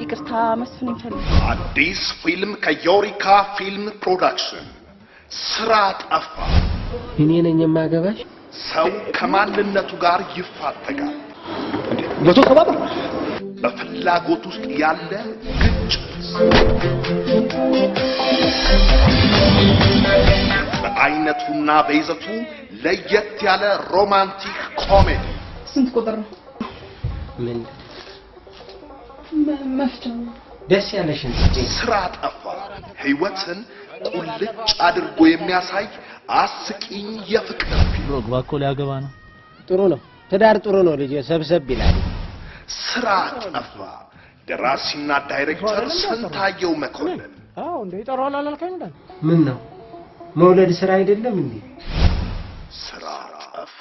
ይቅርታ መስፍን ይፈልግ። አዲስ ፊልም ከዮሪካ ፊልም ፕሮዳክሽን ስራ ጠፋ። እኔ ነኝ የማገባሽ። ሰው ከማንነቱ ጋር ይፋተጋል። መቶ ሰባ በፍላጎት ውስጥ ያለ ግጭት በአይነቱና በይዘቱ ለየት ያለ ሮማንቲክ ኮሜዲ ስንት ቁጥር ነው? ምን መፍትሄው ደስ ያለሽን ስራ ጠፋ ህይወትን ቁልጭ አድርጎ የሚያሳይ አስቂኝ የፍቅር ሮግባ እኮ ሊያገባ ነው። ጥሩ ነው ትዳር ጥሩ ነው ልጅ ሰብሰብ ይላል። ስራ ጠፋ ደራሲና ዳይሬክተር ስንታየው መኮንን። አዎ እንዴ ይጠራዋል አላልከኝ? እንዴ? ምን ነው መውለድ ስራ አይደለም እንዴ? ስራ ጠፋ።